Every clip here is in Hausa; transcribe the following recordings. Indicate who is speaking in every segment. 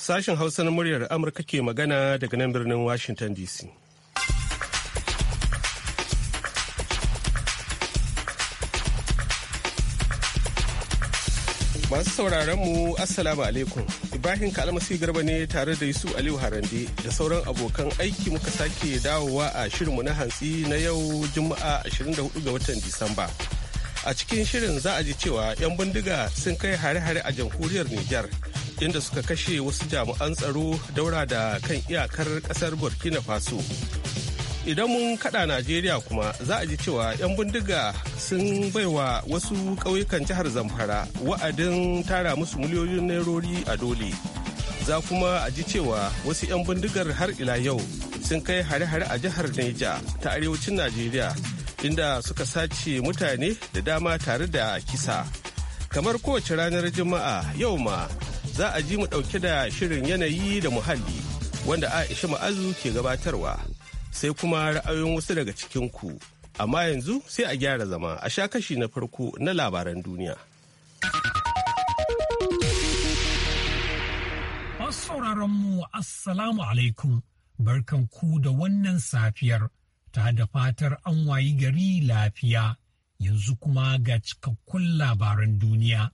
Speaker 1: Sashen Hausa na muryar Amurka ke magana daga nan birnin Washington DC. Masu sauraron mu Assalamu alaikum. Ibrahim Kalmasi Garba ne tare da Yusuf Aliyu Harande da sauran abokan aiki muka sake dawowa a shirinmu na hantsi na yau Juma'a 24 ga watan Disamba. A cikin shirin za a ji cewa 'yan bindiga sun kai hare-hare a jamhuriyar Nijar inda suka kashe wasu jami'an tsaro daura da kan iyakar kasar burkina faso idan mun kada najeriya kuma za a ji cewa 'yan bindiga sun baiwa wasu ƙauyukan jihar zamfara wa'adin tara musu miliyoyin nairori a dole za kuma a ji cewa wasu 'yan bindigar har ila yau sun kai hare-hare a jihar neja ta arewacin najeriya inda suka sace mutane da dama tare da kisa kamar kowace ranar juma'a yau ma za a ji mu ɗauke da shirin yanayi da muhalli wanda Aisha Ma'azu ke gabatarwa sai kuma ra'ayoyin wasu daga cikinku, Amma yanzu sai a gyara zama a sha kashi na farko na labaran duniya.
Speaker 2: sauraron mu Assalamu alaikum, barkan ku da wannan safiyar ta da fatar an wayi gari lafiya yanzu kuma ga cikakkun labaran duniya.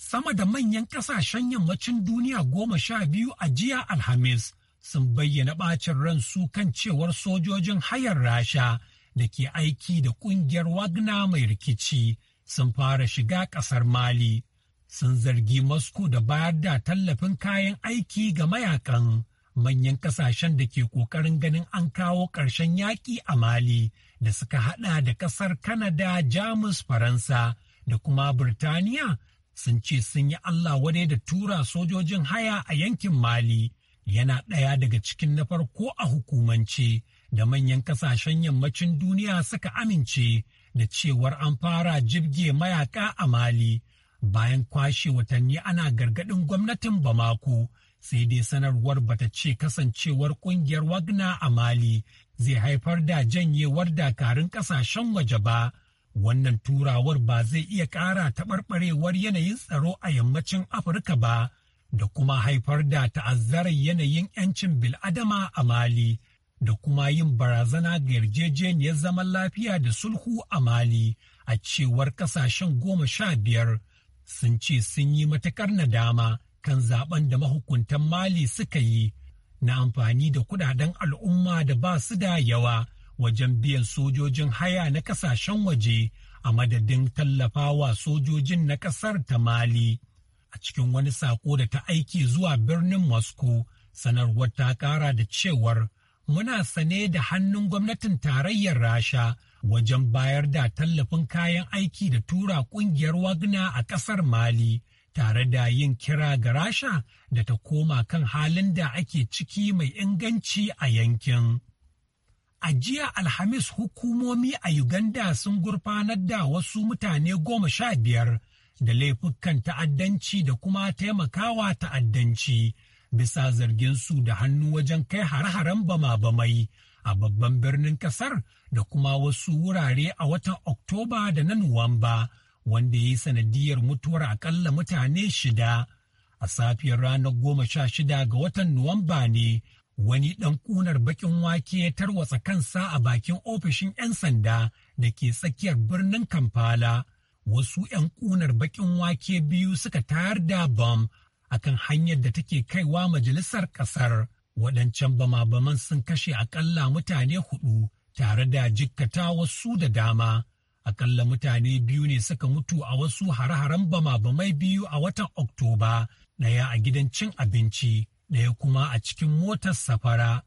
Speaker 2: sama da manyan kasashen yammacin duniya goma sha biyu a jiya alhamis sun bayyana bacin ransu kan cewar sojojin hayar rasha da ke aiki da kungiyar wagna mai rikici sun fara shiga kasar mali sun zargi moscow da bayar da tallafin kayan aiki ga mayakan manyan kasashen da ke kokarin ganin an kawo ƙarshen yaƙi a mali da suka hada da kasar Kanada, jamus faransa da kuma birtaniya sun ce sun yi Allah wadai da tura sojojin haya a yankin Mali yana ɗaya daga cikin na farko a hukumance da manyan kasashen yammacin duniya suka amince da cewar an fara jibge mayaka a Mali bayan kwashe watanni ana gargaɗin gwamnatin Bamako sai dai sanarwar bata ce kasancewar ƙungiyar Wagner a Mali zai haifar da janyewar dakarun ƙasashen waje ba. wannan turawar ba zai iya ƙara taɓarɓarewar yanayin tsaro a yammacin afirka ba da kuma haifar da ta'azzarar yanayin 'yancin bil'adama a mali da kuma yin barazana ga yarjejeniyar zaman lafiya da sulhu a mali a cewar kasashen goma sha biyar sun ce sun yi matakar nadama kan zaben da mahukuntan mali suka yi na amfani da kudaden al'umma da ba su da yawa wajen biyan sojojin haya na kasashen waje a madadin tallafawa sojojin na kasar ta Mali. A cikin wani sako da ta aiki zuwa birnin Moscow, sanarwar ta kara da cewar muna sane da hannun gwamnatin tarayyar Rasha wajen bayar da tallafin kayan aiki da tura kungiyar Wagner a kasar Mali. Tare da yin kira ga Rasha da ta koma kan halin da ake ciki mai inganci a yankin. A jiya Alhamis hukumomi a Uganda sun gurfanar da wasu mutane goma sha biyar da laifukan ta'addanci da kuma taimakawa ta'addanci bisa zarginsu da hannu wajen kai hare-haren bama-bamai a babban birnin kasar da kuma wasu wurare a watan Oktoba da na Nuwamba wanda ya yi sanadiyar mutuwar akalla mutane shida. A safiyar ranar goma sha shida ga watan Nuwamba ne wani ɗan ƙunar baƙin wake ya tarwatsa kansa a bakin ofishin 'yan sanda da ke tsakiyar birnin Kampala. Wasu 'yan ƙunar baƙin wake biyu suka tayar da bam a kan hanyar da take kaiwa majalisar ƙasar. Waɗancan bama-baman sun kashe aƙalla mutane hudu tare da jikkata wasu da dama. Aƙalla mutane biyu ne suka mutu a wasu hare-haren bama-bamai biyu a watan Oktoba, ɗaya a gidan cin abinci. ɗaya kuma a cikin motar safara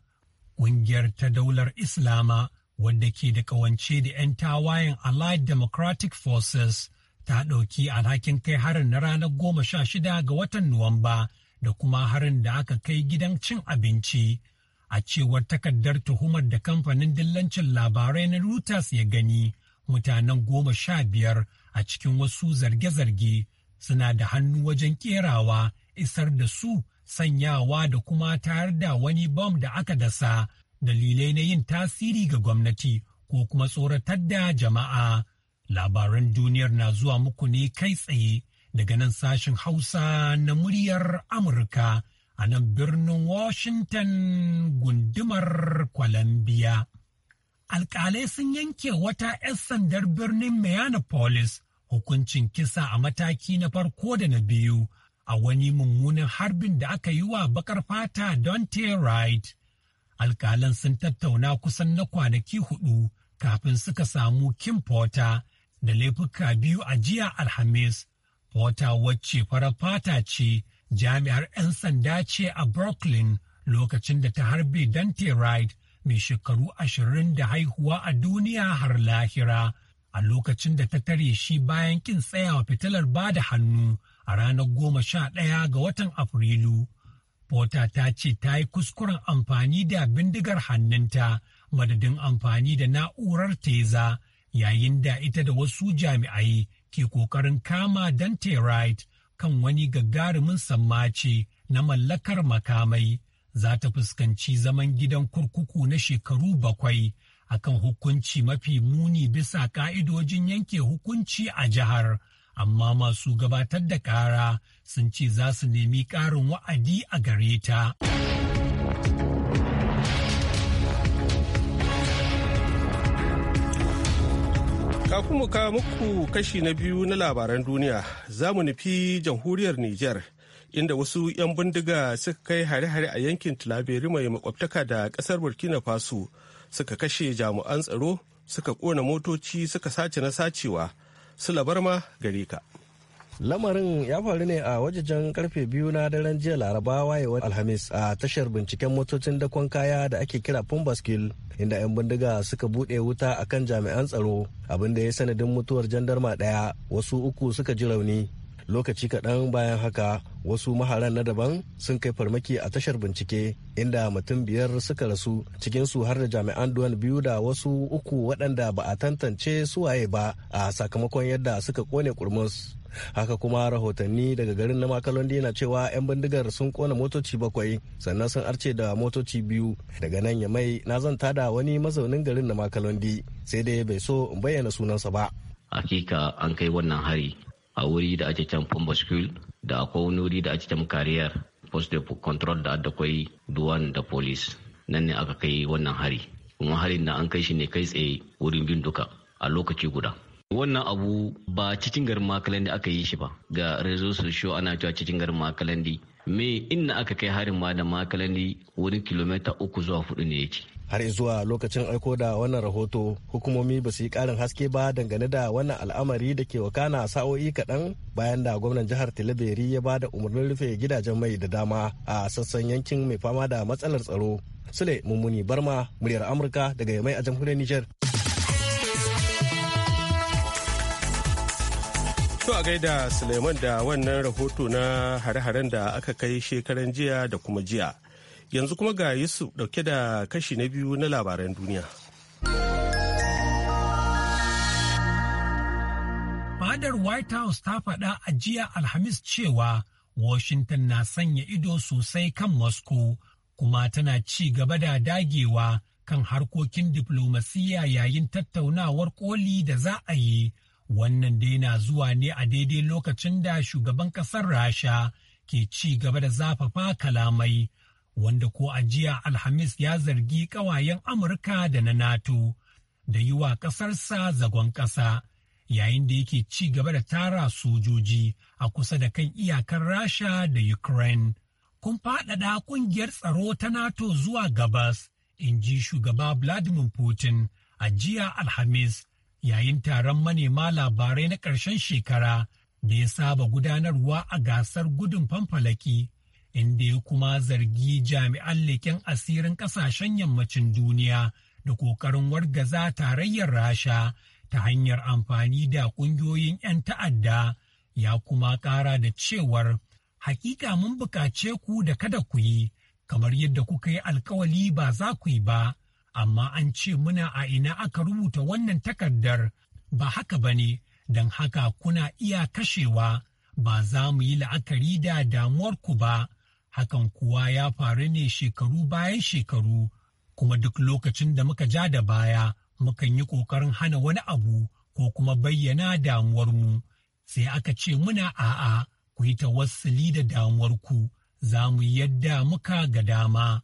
Speaker 2: ƙungiyar ta daular islama wadda ke da ƙawance da 'yan tawayen allied democratic forces ta ɗauki alhakin kai harin na ranar goma sha shida ga watan nuwamba da kuma harin da aka kai gidan cin abinci a cewar takardar tuhumar da kamfanin dillancin labarai na reuters ya gani mutanen goma sha biyar a cikin wasu zarge-zarge suna da hannu wajen kerawa isar da su sanyawa da kuma tayar da wani bom da aka dasa dalilai na yin tasiri ga gwamnati ko kuma tsoratar da jama'a. Labaran duniyar na zuwa muku ne kai tsaye daga nan sashen Hausa na muryar Amurka a nan birnin Washington gundumar Columbia. Alƙalai sun yanke wata 'yan sandar birnin Mayanapolis hukuncin kisa a mataki na farko da na biyu a wani mummunan harbin da aka yi wa bakar fata Dante Wright. Alkalan sun tattauna kusan na kwanaki hudu kafin suka samu Kim Porter da laifuka biyu a jiya Alhamis. Porter wacce farar fata ce jami'ar 'yan sanda ce a Brooklyn lokacin da ta harbe Dante Wright mai shekaru ashirin da haihuwa a duniya har lahira a lokacin da ta tare shi bayan kin tsayawa fitilar ba da hannu a ranar goma sha ɗaya ga watan Afrilu. bota ta ce ta yi kuskuren amfani da bindigar hannunta madadin amfani da na'urar teza yayin da ita da wasu jami'ai ke ƙoƙarin kama Dante right kan wani gagarumin sammace na mallakar makamai za ta fuskanci zaman gidan kurkuku na shekaru bakwai akan hukunci mafi muni bisa ka'idojin yanke hukunci a jihar amma masu gabatar da kara sun ce za su nemi ƙarin wa'adi a gare ta.
Speaker 1: Kafin mu kawo muku kashi na biyu na labaran duniya, za mu nufi jamhuriyar Nijar. inda wasu 'yan bindiga suka kai hare-hare a yankin Tulaberi mai makwabtaka da kasar burkina faso suka kashe jami'an tsaro suka kona motoci suka sace na sacewa sulabarma ma ka.
Speaker 3: lamarin ya faru ne a wajejen karfe biyu na daren jiya laraba wayewar alhamis a tashar binciken motocin dakon kaya da ake kira pumbaskil inda 'yan bindiga suka bude wuta akan jami'an tsaro abinda ya sanadin mutuwar jandarma daya wasu uku suka ji rauni lokaci kaɗan bayan haka wasu maharan na daban sun kai farmaki a tashar bincike inda mutum biyar suka rasu cikinsu har da jami'an duwan biyu da wasu uku waɗanda ba a tantance suwaye ba a sakamakon yadda suka kone kurmus haka kuma rahotanni daga garin na makalondi na cewa 'yan bindigar sun kona motoci bakwai sannan sun arce da motoci biyu daga nan ya mai na zanta da wani mazaunin garin na makalondi sai dai bai so in bayyana sunansa ba
Speaker 4: hakika an kai wannan hari a wuri da ake can school da akwai wani wuri da ake can Carrier post de control da adda kwai duwan da police nan ne aka kai wannan hari kuma harin na an kai shi ne kai tsaye wurin bin duka a lokaci guda wannan abu ba cikin garin makalandi aka yi shi ba ga rezo show ana cewa cikin garin makalandi me inna aka kai harin ma da makalandi wurin kilomita uku zuwa hudu ne yake har
Speaker 3: zuwa lokacin aiko da wannan rahoto hukumomi ba su yi karin haske ba dangane da wannan al'amari da ke wakana sa'o'i kaɗan bayan da gwamnan jihar tilaberi ya ba da umarnin rufe gidajen mai da dama a sassan yankin mai fama da matsalar tsaro sule mummuni barma muryar amurka
Speaker 1: daga yamai a jamhuriyar niger To a gaida Suleiman da wannan rahoto na hare-haren da aka kai shekaran jiya da kuma jiya. yanzu kuma ga yusuf dauke da kashi na biyu na labaran duniya
Speaker 2: fadar white house ta faɗa a jiya alhamis cewa washington na sanya ido sosai kan moscow kuma tana ci gaba da dagewa kan harkokin diflomasiyya yayin tattaunawar koli da za a yi wannan dai na zuwa ne a daidai lokacin da shugaban ƙasar rasha ke ci gaba da zafafa kalamai wanda ko a jiya Alhamis ya zargi ƙawayen Amurka da na NATO da yi wa ƙasarsa zagon ƙasa yayin da yake ci gaba da tara sojoji a kusa da kan iyakar Rasha da Ukraine. Kun faɗaɗa ƙungiyar tsaro ta NATO zuwa gabas, in ji shugaba Vladimir Putin a jiya Alhamis yayin taron manema labarai na ƙarshen shekara da ya saba gudanarwa a gasar gudun fanfalaki inda ya kuma zargi jami'an leken asirin ƙasashen yammacin duniya da ƙoƙarin wargaza tarayyar rasha ta hanyar amfani da ƙungiyoyin 'yan ta'adda ya kuma ƙara da cewar hakika mun bukace ku da kada ku yi kamar yadda kuka yi alkawali ba za ku yi ba amma an ce muna a ina aka rubuta wannan takardar ba haka ba ne don haka kuna iya kashewa ba za mu yi la'akari da damuwarku ba hakan kuwa ya faru ne shekaru bayan shekaru kuma duk lokacin da muka ja da baya mukan yi ƙoƙarin hana wani abu ko kuma bayyana damuwar mu. sai aka ce muna a'a ku yi tawassuli da damuwar ku, za mu yadda muka ga dama.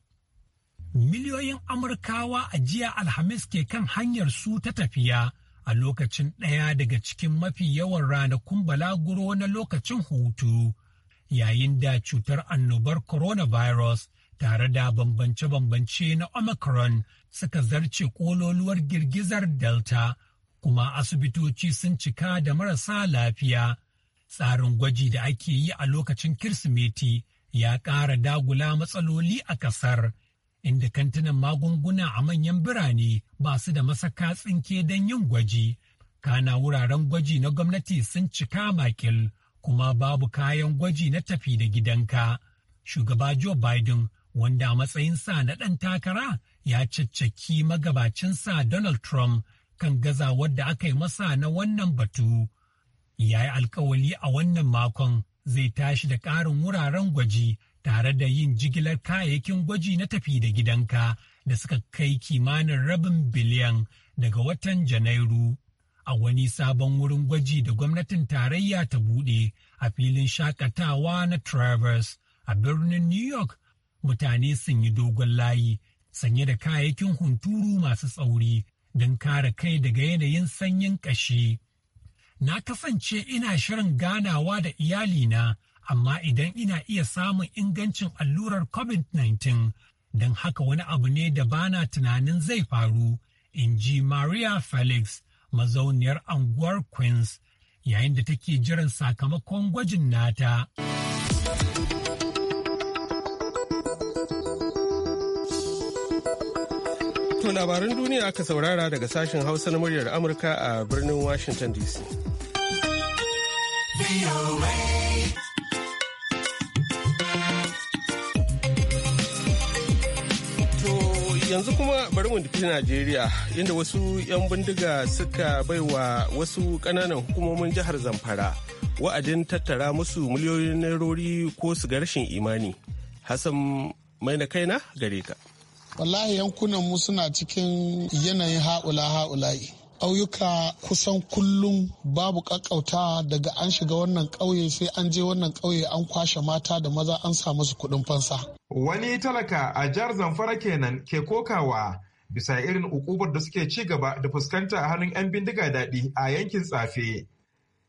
Speaker 2: Miliyoyin Amurkawa a jiya Alhamis ke kan hanyar su ta tafiya a lokacin ɗaya daga cikin mafi yawan ranakun balaguro na lokacin hutu. yayin da cutar annobar coronavirus tare da bambance-bambance na Omicron suka zarce kololuwar girgizar Delta, kuma asibitoci sun cika da marasa lafiya. Tsarin gwaji da ake yi a lokacin Kirsimeti ya ƙara dagula matsaloli a ƙasar, inda kantinan magunguna a manyan birane ba su da masaka tsinke don yin gwaji. Kana wuraren gwaji na gwamnati sun cika makil. kuma babu kayan gwaji na tafi da gidanka. Shugaba Joe Biden wanda a matsayinsa na ɗan takara ya caccaki magabacinsa Donald Trump kan gaza wadda aka yi masa na wannan batu. Ya yi alkawali a wannan makon zai tashi da ƙarin wuraren gwaji tare da yin jigilar kayayyakin gwaji na tafi da gidanka da suka kai kimanin rabin biliyan daga watan Janairu. a wani sabon wurin gwaji da gwamnatin tarayya ta buɗe a filin shakatawa na Travers a birnin New York mutane sun yi dogon layi sanye da kayayyakin hunturu masu tsauri don kare kai daga yanayin sanyin ƙashi. Na kasance ina shirin ganawa da iyalina, amma idan ina iya samun ingancin allurar COVID-19, don haka wani abu ne da bana tunanin zai faru, in ji Maria Felix, mazauniyar anguwar Queens yayin da take jiran sakamakon gwajin nata.
Speaker 1: To labaran duniya aka saurara daga sashen Hausa na muryar Amurka a birnin Washington DC. yanzu kuma bari mu tafi Najeriya inda wasu 'yan bindiga suka baiwa wasu ƙananan hukumomin jihar Zamfara wa'adin tattara musu miliyoyin nairori ko su ga rashin imani. Hassan mai na kaina gare ka.
Speaker 5: Wallahi yankunan mu suna cikin yanayin ha'ula ha'ula'i. ƙauyuka kusan kullum babu ƙaƙƙauta daga an shiga wannan ƙauye sai an je wannan ƙauye an kwashe mata da maza an sa musu kuɗin fansa. Wani talaka a jihar Zamfara kenan ke kokawa bisa irin
Speaker 6: ukubar da suke ci gaba da fuskanta a hannun 'yan bindiga daɗi a yankin tsafe.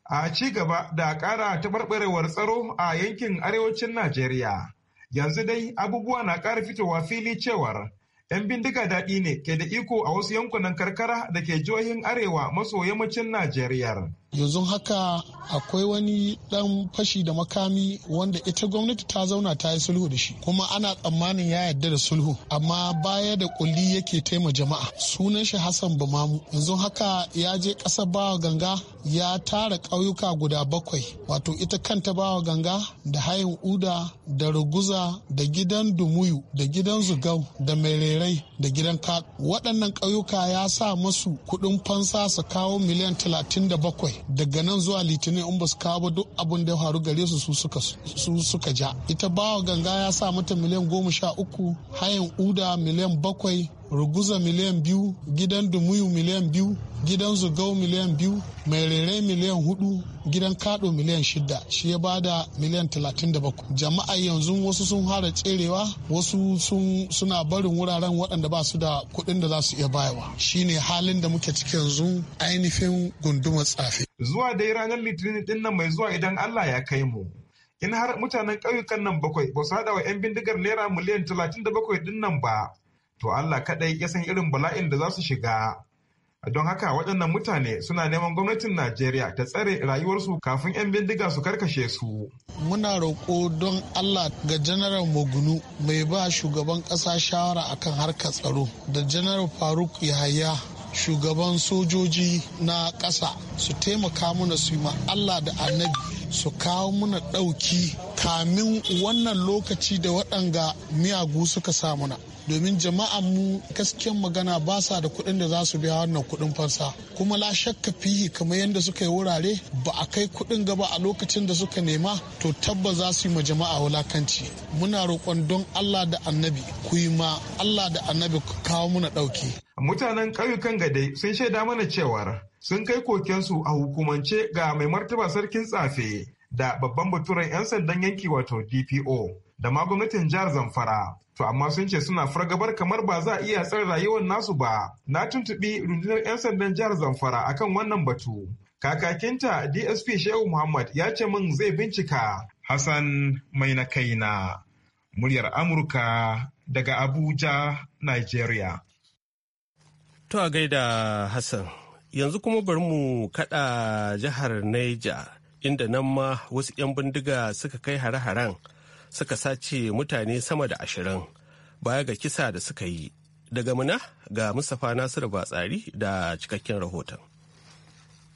Speaker 6: A ci gaba da ƙara taɓarɓarewar tsaro a yankin arewacin Najeriya. Yanzu dai abubuwa na ƙara fitowa fili cewar 'Yan bindiga daɗi ne ke da iko a wasu yankunan karkara da ke jihohin arewa maso yammacin Najeriya.
Speaker 5: yanzu haka akwai wani ɗan fashi da makami wanda ita gwamnati ta zauna ta yi sulhu da shi kuma ana tsammanin ya yarda da sulhu amma baya da kulli yake taima jama'a sunan shi hassan bamamu yanzu haka ya je ƙasar bawa ganga ya tara ƙauyuka guda bakwai wato ita kanta bawa ganga da hayin uda da ruguza da gidan dumuyu da gidan zugau da mai jarirai da gidan ka waɗannan ƙauyuka ya sa masu kuɗin fansa su kawo miliyan 37 daga nan zuwa litinin in ba su kawo duk abin da ya faru gare su su suka ja ita bawa ganga ya sa mata miliyan 13 hayan uda miliyan 7 ruguza miliyan biyu gidan dumuyu miliyan biyu gidan zugau miliyan biyu mai rere miliyan hudu gidan kado miliyan shida shi ya bada miliyan talatin da bakwai jama'a yanzu wasu sun fara tserewa wasu suna barin wuraren waɗanda ba su da kuɗin da za su iya bayawa shine halin da muke ciki yanzu ainihin gundumar tsafi. zuwa dai ranar
Speaker 6: litinin din mai zuwa idan allah ya kai mu in har mutanen ƙauyukan nan bakwai ba su haɗa wa 'yan bindigar naira miliyan talatin da bakwai din nan ba to Allah kaɗai ya san irin bala'in da za su shiga. Don haka waɗannan mutane suna neman gwamnatin Najeriya ta tsare rayuwarsu kafin 'yan bindiga su karkashe su.
Speaker 5: Muna roƙo don Allah ga Janaral Mogunu mai ba shugaban ƙasa shawara akan harkar tsaro da Janaral Faruk Yahaya shugaban sojoji na ƙasa su taimaka mana su yi Allah da annabi su kawo muna ɗauki kamin wannan lokaci da waɗanga miyagu suka sa muna. domin jama'an mu gaskiyan magana ba sa da kuɗin da za su biya wannan kuɗin fansa kuma la shakka fihi kamar yadda suka yi wurare ba a kai kuɗin gaba a lokacin da suka nema to tabbas za su yi ma jama'a wulakanci muna roƙon don Allah da annabi ku yi ma Allah da annabi ku kawo muna ɗauki. Mutanen
Speaker 6: ƙauyukan gadai sun shaida mana cewar sun kai kokensu a hukumance ga mai martaba sarkin tsafe da babban baturen 'yan sandan yanki wato DPO. da ma gwamnatin jihar Zamfara. To amma sun ce suna fargabar kamar ba za a iya tsare rayuwar nasu ba. Na tuntuɓi rundunar 'yan sandan jihar Zamfara akan wannan batu. Kakakinta DSP Shehu Muhammad ya ce min zai bincika. Hassan mai na kaina. Muryar Amurka daga Abuja, Nigeria.
Speaker 1: To a gaida Hassan, yanzu kuma bari mu kaɗa jihar Niger, inda nan ma wasu 'yan bindiga suka kai hare-haren. suka sace mutane sama da ashirin baya ga kisa da suka yi daga muna ga mustapha nasiru batsari da cikakken rahoton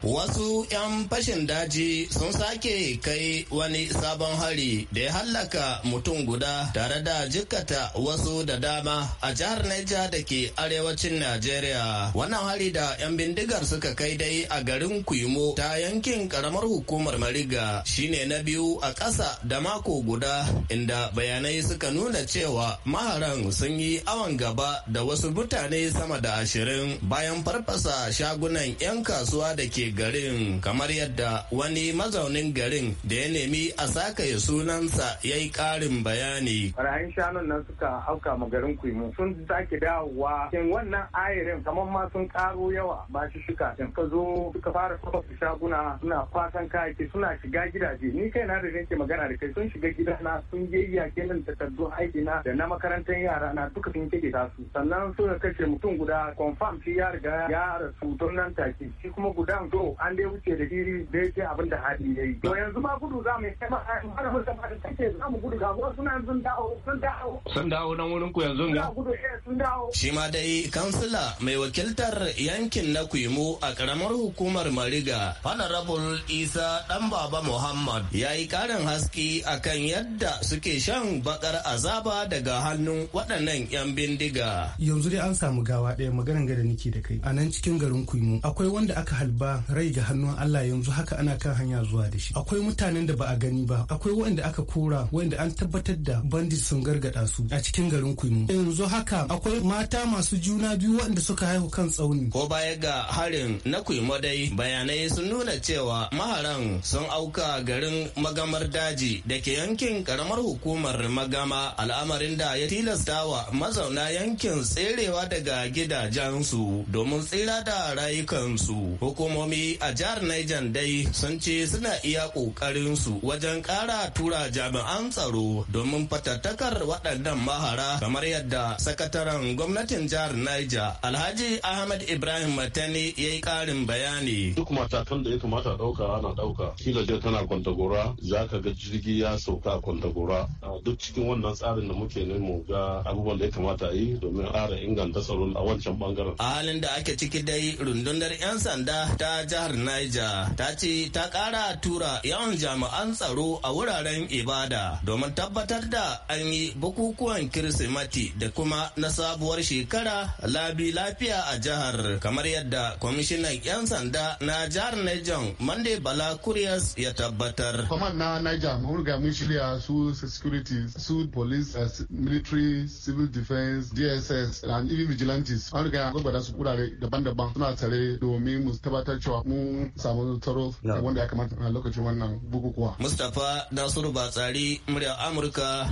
Speaker 4: Wasu 'yan fashin daji sun sake kai wani sabon hari da ya hallaka mutum guda tare da jikkata wasu da dama a jihar Naija da ke arewacin Najeriya. Wannan hari da 'yan bindigar suka kai dai a garin Kuimo ta yankin karamar hukumar Mariga shine na biyu a ƙasa da mako guda inda bayanai suka nuna cewa maharan sun yi awon gaba da wasu mutane sama da ashirin bayan farfasa shagunan 'yan kasuwa da ke garin kamar yadda wani mazaunin garin da ya nemi a saka ya sunansa ya yi ƙarin bayani.
Speaker 1: Barayin shanun nan suka hauka ma
Speaker 4: garin
Speaker 5: Kuimu
Speaker 1: sun sake dawowa cikin wannan ayirin. kamar ma sun karo yawa ba shi shuka din. Ka zo suka fara kafa shaguna suna kwasan kayaki suna shiga gidaje ni kai na da nake magana da kai sun shiga gidana sun iya kenan takardun
Speaker 7: aiki na da na makarantar yara na duka sun kike su sannan suka kashe mutum guda confirm
Speaker 1: shi ya riga ya rasu don nan take shi kuma gudan to an dai wuce da diri da yake abin da hadi ya yi to yanzu
Speaker 3: ma gudu za mu yi mara hulɗa ba da take za mu gudu ga wasu nan sun dawo sun dawo
Speaker 4: sun dawo nan wurin ku yanzu ga
Speaker 3: gudu eh sun dawo
Speaker 4: shi ma dai kansila mai wakiltar yankin na Kuimu a karamar hukumar Mariga Honorable Isa dan Baba Muhammad ya yi karin haske akan yadda suke shan bakar azaba daga hannun waɗannan 'yan bindiga.
Speaker 7: Yanzu dai an samu gawa ɗaya maganar gada nake da kai. A nan cikin garin Kuimu akwai wanda aka halba rai ga hannun Allah yanzu haka ana kan hanya zuwa da shi akwai mutanen da ba a gani ba akwai waɗanda aka kora waɗanda an tabbatar da bandit sun gargada su a cikin garin Kuimu yanzu haka akwai mata masu juna biyu waɗanda suka haihu
Speaker 4: kan tsauni ko baya ga harin na Kuimu dai bayanai sun nuna cewa maharan sun auka garin magamar daji da ke yankin karamar hukumar magama al'amarin da ya tilasta wa mazauna yankin tserewa daga gidajensu domin tsira da rayukansu hukumomi hukumomi a jihar Niger dai sun ce suna iya ƙoƙarin su wajen ƙara tura jami'an tsaro domin fatattakar waɗannan mahara kamar yadda sakataren gwamnatin jihar Niger Alhaji Ahmad Ibrahim Matani ya yi ƙarin bayani. Duk matakan da ya kamata ɗauka ana ɗauka.
Speaker 1: Kila je tana kwantagora za ka ga jirgi ya sauka a kwantagora. Duk cikin wannan tsarin da muke ne mu ga abubuwan da ya kamata yi domin ƙara inganta tsaron a wancan bangaren. A halin
Speaker 4: da ake ciki dai rundunar 'yan sanda ta ta jihar Niger ta ce ta ƙara tura yawan jami'an tsaro a wuraren ibada domin tabbatar da an yi bukukuwan Kirsimati da kuma na sabuwar shekara labi lafiya a jihar kamar yadda kwamishinan 'yan sanda na jihar Niger Mande Bala Kuriyas ya tabbatar.
Speaker 5: Kwaman na Niger mun riga mun shirya su security su police eh, military civil defense DSS and even vigilantes an riga gwagwada su kurare daban-daban suna tare domin mu tabbatar cewa cewa mun samu taro wanda ya kamata a lokacin wannan bukukuwa.
Speaker 4: Mustapha Nasiru Batsari murya Amurka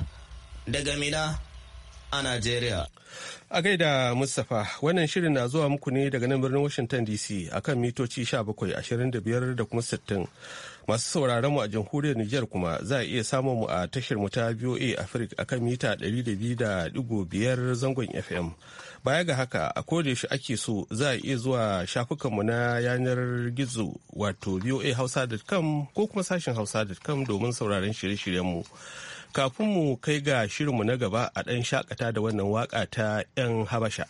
Speaker 4: daga Mina a Najeriya.
Speaker 1: A gaida Mustapha wannan shirin na zuwa muku ne daga nan birnin Washington DC akan mitoci 1725 da kuma 60. Masu sauraron mu a jamhuriyar Nijar kuma za a iya samun mu a tashar mu ta Afirik Africa akan mita 200.5 zangon FM. baya ga haka a kodayaushe ake so za a iya zuwa shafukanmu na yanar gizo wato hausa.com ko kuma sashen hausa.com domin sauraron shirye-shiryenmu kafin mu kai ga shirinmu na gaba a ɗan shakata da wannan waka ta 'yan habasha.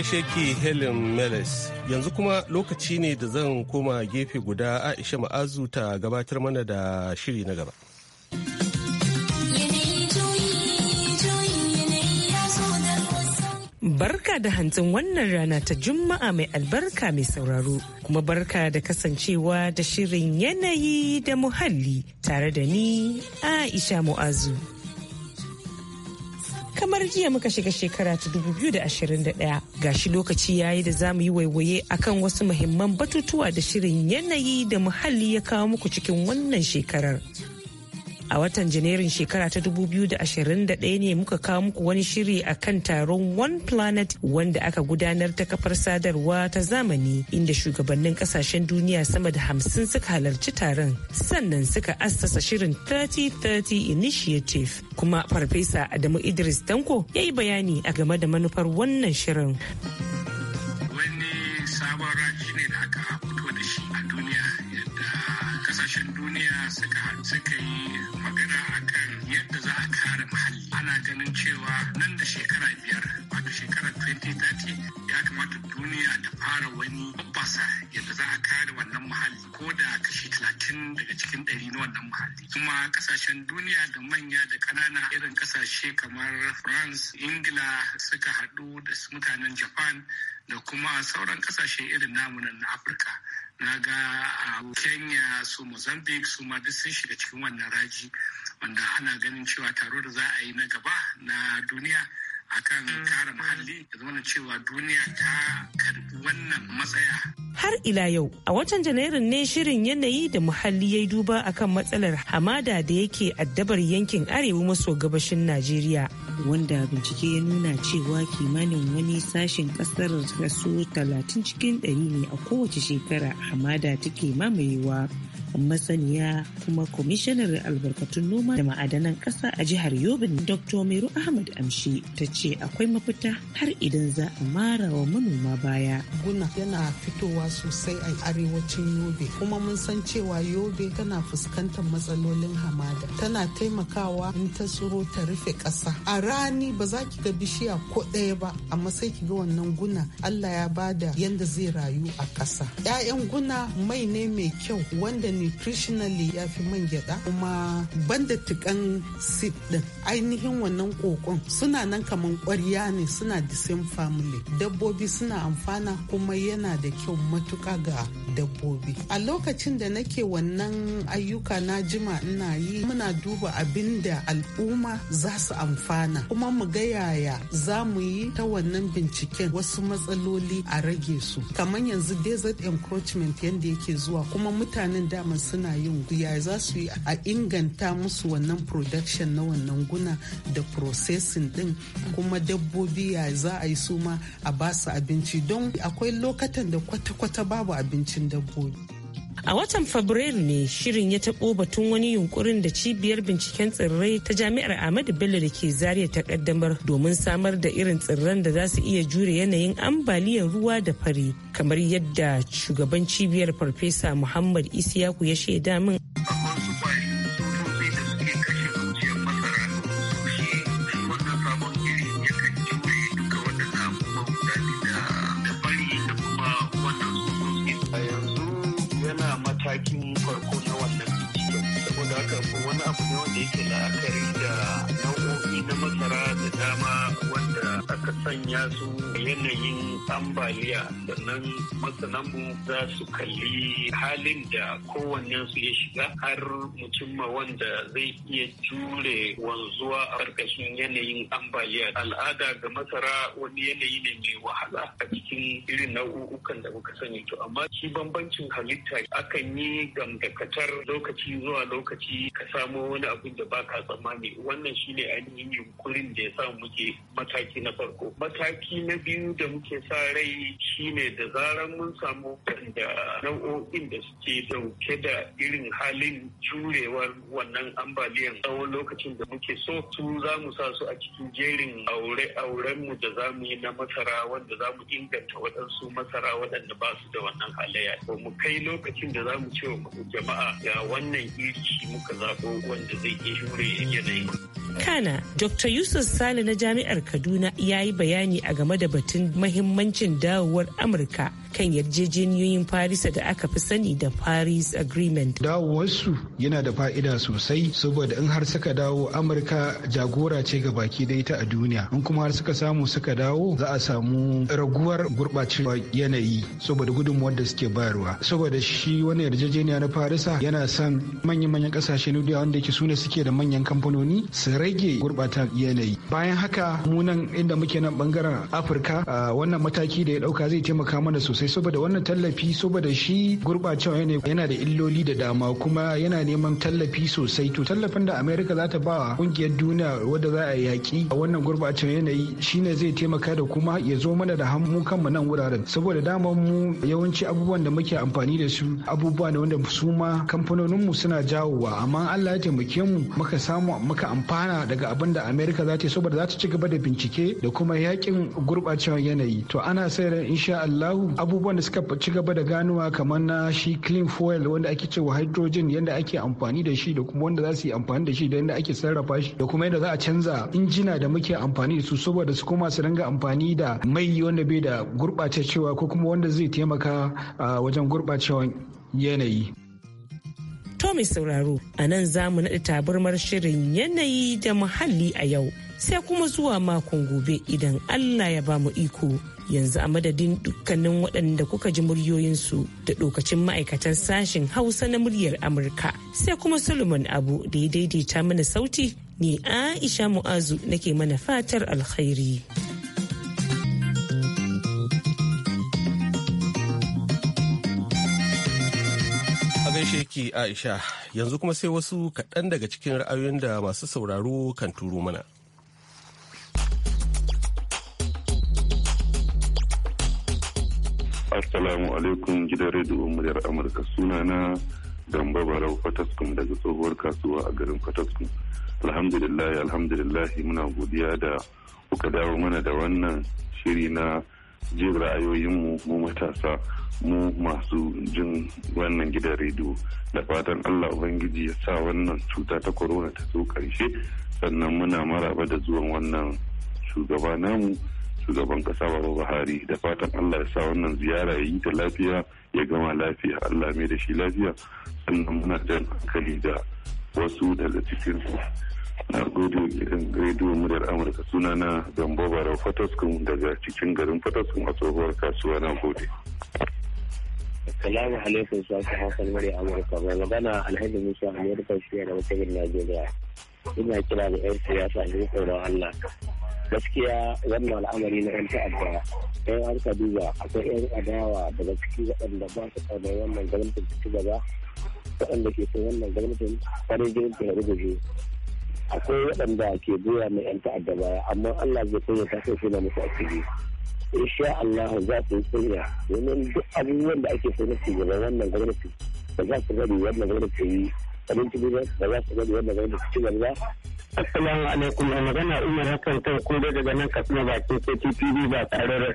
Speaker 1: gaishe ki Helen Meles. Yanzu kuma lokaci ne da zan koma gefe guda Aisha Ma'azu ta gabatar
Speaker 8: mana da shiri na gaba. Barka da hantsin wannan rana ta Juma'a mai albarka mai sauraro, kuma barka da kasancewa da shirin yanayi da muhalli tare da ni Aisha Mu'azu. kamar jiya muka shiga shekara ta dubu biyu da da ashirin 2021 gashi lokaci ya yi da za mu yi waiwaye akan wasu muhimman batutuwa da shirin yanayi da muhalli ya kawo muku cikin wannan shekarar a watan janairun shekara ta 2021 ne muka kawo muku wani shiri a kan taron one planet wanda aka gudanar ta kafar sadarwa ta zamani inda shugabannin kasashen duniya sama da hamsin suka halarci taron sannan suka assasa shirin 3030 initiative kuma farfesa adamu idris danko ya yi bayani a game da manufar wannan shirin wani sabon raji ne da aka
Speaker 7: fito da shi a duniya kasashen duniya suka suka yi magana akan yadda za a kare muhalli ana ganin cewa nan da shekara biyar wato shekarar 2030 ya kamata duniya ta fara wani babbasa yadda za a kare wannan muhalli ko da kashi talatin daga cikin ɗari na wannan muhalli kuma kasashen duniya da manya da ƙanana irin kasashe kamar france ingila suka haɗu da mutanen japan da kuma sauran kasashe irin namunan na afirka na ga a kenya su mozambique su ma duk sun shiga cikin wannan raji wanda ana ganin cewa taro da za a yi na gaba na duniya akan mm. kara muhalli da zama cewa duniya ta
Speaker 8: karbi wannan matsaya. Har ila yau a watan Janairun ne shirin yanayi da muhalli ya yi duba akan matsalar hamada da yake addabar yankin arewa maso gabashin Najeriya wanda bincike ya nuna cewa kimanin wani sashen kasar kaso 30 cikin 100 ne a kowace shekara hamada take mamayewa. masaniya kuma kwamishinar albarkatun noma da ma'adanan ƙasa a jihar yobe Dr. Meru Ahmad Amshi ta ce akwai mafita har idan za a mara wa manoma baya. Guna
Speaker 9: yana fitowa sosai a arewacin Yobe kuma mun san cewa Yobe tana fuskantar matsalolin hamada. Tana taimakawa in ta tsoro ta rufe ƙasa. A rani ba za ki ga bishiya ko ɗaya ba amma sai ki ga wannan guna Allah ya bada yanda zai rayu a ƙasa. 'Ya'yan guna mai ne mai kyau wanda nutritionally ya fi man gyada kuma banda tukan seed din ainihin wannan kokon suna nan kaman kwarya ne suna the same family dabbobi suna amfana kuma yana da kyau matuka ga dabbobi a lokacin da nake wannan ayyuka na jima ina yi muna duba abin da al'umma za su amfana kuma mu ga yaya za mu yi ta wannan binciken wasu matsaloli a rage su kamar yanzu desert encroachment yadda yake zuwa kuma mutanen dama daman suna yin guya za su yi a inganta musu wannan production na wannan guna da processing din kuma dabbobi ya za a yi su ma a basu abinci don akwai lokatan da kwata-kwata babu abincin dabbobi.
Speaker 8: A watan Fabrairu ne shirin ya taɓo batun wani yunkurin da cibiyar binciken tsirrai ta jami'ar Ahmadu Bello da ke Zaria ta ƙaddamar domin samar da irin tsirran da za su iya jure yanayin ambaliyar ruwa da fari kamar yadda shugaban cibiyar Farfesa Muhammad Isiyaku ya shaida min.
Speaker 2: sanya su yanayin ambaliya sannan
Speaker 1: masananmu za su kalli halin da kowanne su ya shiga har ma wanda zai iya jure wanzuwa a ƙarƙashin yanayin
Speaker 2: ambaliya al'ada ga masara wani yanayi ne mai wahala a cikin irin nau'ukan da muka sani to amma shi bambancin halitta akan yi gamdakatar lokaci zuwa lokaci ka samo wani abin da baka tsammani wannan shine ainihin yunkurin da ya
Speaker 1: sa muke mataki na farko mataki na biyu da muke sa rai shine da zarar mun samu da nau'o'in da suke dauke da irin halin jurewar wannan ambaliyar. tsawon lokacin da muke so su za mu sa su a cikin jerin aure-aurenmu da za mu yi na masara wanda za mu inganta waɗansu masara waɗanda ba su da wannan halayya Ko mu kai lokacin da za mu ce wa jama'a ga
Speaker 8: wannan irci muka zaɓo wanda zai iya jure yanayin. kana dr yusuf sale na jami'ar kaduna ya yi bayani bayani a game da batun mahimmancin dawowar amurka kan yarjejeniyoyin Farisa da aka fi sani da Paris Agreement. Dawowarsu
Speaker 7: yana da fa'ida sosai saboda in har suka dawo Amurka jagora ce ga baki dai ta a duniya. In kuma har suka samu suka dawo za a samu raguwar gurɓacewar yanayi saboda gudunmuwar da suke bayarwa. Saboda shi wani yarjejeniya na Farisa yana son manya-manyan ƙasashe na duniya wanda yake sune suke da manyan kamfanoni su rage gurbatar yanayi. Bayan haka munan inda muke nan bangaren Afirka wannan mataki da ya ɗauka zai taimaka mana sosai sosai saboda wannan tallafi saboda shi gurɓacewa yanayi yana da illoli da dama kuma yana neman tallafi sosai to tallafin da Amerika za ta ba kungiyar duniya wadda za a yaƙi a wannan gurɓacewa yanayi shine zai taimaka da kuma ya zo mana da hannu kanmu nan wuraren saboda dama mu yawanci abubuwan da muke amfani da su abubuwa ne wanda su ma kamfanonin mu suna jawowa amma Allah ya taimake mu muka samu muka amfana daga abin da america za ta yi saboda za ta ci gaba da bincike da kuma yakin gurɓacewa yanayi to ana sai ran insha Allah abubuwan da suka ci gaba da ganuwa kamar na shi clean fuel wanda ake cewa hydrogen yadda ake amfani da shi da kuma wanda za su yi amfani da shi da yadda ake sarrafa shi da kuma yadda za a canza injina da muke amfani da su saboda su koma su dinga amfani da mai wanda bai da gurɓacewa ko kuma wanda zai
Speaker 8: taimaka wajen gurɓacewan yanayi. tommy sauraro, a nan za mu naɗa tabarmar shirin yanayi da muhalli a yau, sai kuma zuwa makon gobe idan Allah ya ba mu iko. yanzu a madadin dukkanin waɗanda kuka ji muryoyinsu da ɗokacin ma'aikatan sashen hausa na muryar amurka sai kuma solomon abu da ya daidaita mana sauti ne aisha mu'azu nake mana fatar alkhairi
Speaker 1: sheki aisha yanzu kuma sai wasu kaɗan daga cikin ra'ayoyin da masu sauraro kan turo mana
Speaker 8: Assalamu alaikum gidan rediyo muryar Amurka sunana Gamba Barau Fataskum daga tsohuwar kasuwa a garin Fataskum. Alhamdulillah alhamdulillah muna godiya da kuka dawo mana da wannan shiri na jin ra'ayoyinmu mu matasa mu masu jin wannan gidan rediyo da fatan Allah Ubangiji ya sa wannan cuta ta corona ta zo karshe sannan muna maraba da zuwan wannan shugaba namu. shugaban kasa baba Buhari da fatan Allah ya sa wannan ziyara ya yi ta lafiya ya gama lafiya Allah mai da shi lafiya sannan muna jan hankali da wasu daga cikin na gode gidan rediyo muryar amurka suna na gambo barau fataskun daga cikin garin fataskun a tsohuwar kasuwa na gode
Speaker 4: salamu alaikum sashi hasan murya amurka mai magana alhaji musa amurka shi da mutumin najeriya ina kira da yan siyasa ne tsoron allah gaskiya wannan al'amari na yan ta'adda yan eh, an ka duba akwai yan adawa daga ciki waɗanda ba su ƙaunar wannan gwamnatin ci gaba waɗanda ke son wannan gwamnatin wani jirin ta rubuce akwai waɗanda ke goya mai yan ta'adda baya amma allah zai kunya ta sai suna musu asiri insha allah za su yi sanya domin duk abubuwan da ake so na ci gaba wannan gwamnati ba za su bari wannan gwamnati ta yi abinci ba za su bari wannan gwamnati ci gaba
Speaker 2: Assalamu alaikum a magana Umar Hassan kan daga nan Katsina bakin
Speaker 4: KTTV ba tare da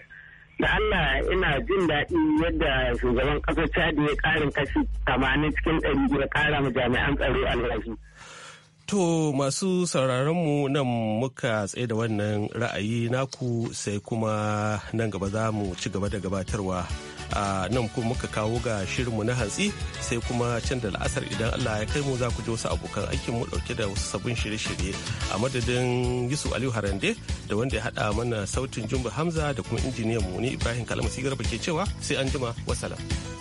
Speaker 4: da Allah ina jin daɗi yadda shugaban ƙasar Chad ya ƙarin kashi 80 cikin 100 da ƙara ma jami'an
Speaker 2: tsaro albashi.
Speaker 1: To masu mu nan muka tsaye da wannan ra'ayi naku sai kuma nan gaba za mu ci gaba da gabatarwa. a nan kuma muka kawo ga shirinmu na hantsi sai kuma can da la'asar idan allah ya kai mu za ku ji wasu abokan aikin mu dauke da wasu sabbin shirye-shirye a madadin yusuf aliyu harande da wanda ya haɗa mana sautin jumba hamza da kuma injiniyan mu ni ibrahim kalamasi garba ke cewa sai anjima jima wasalam.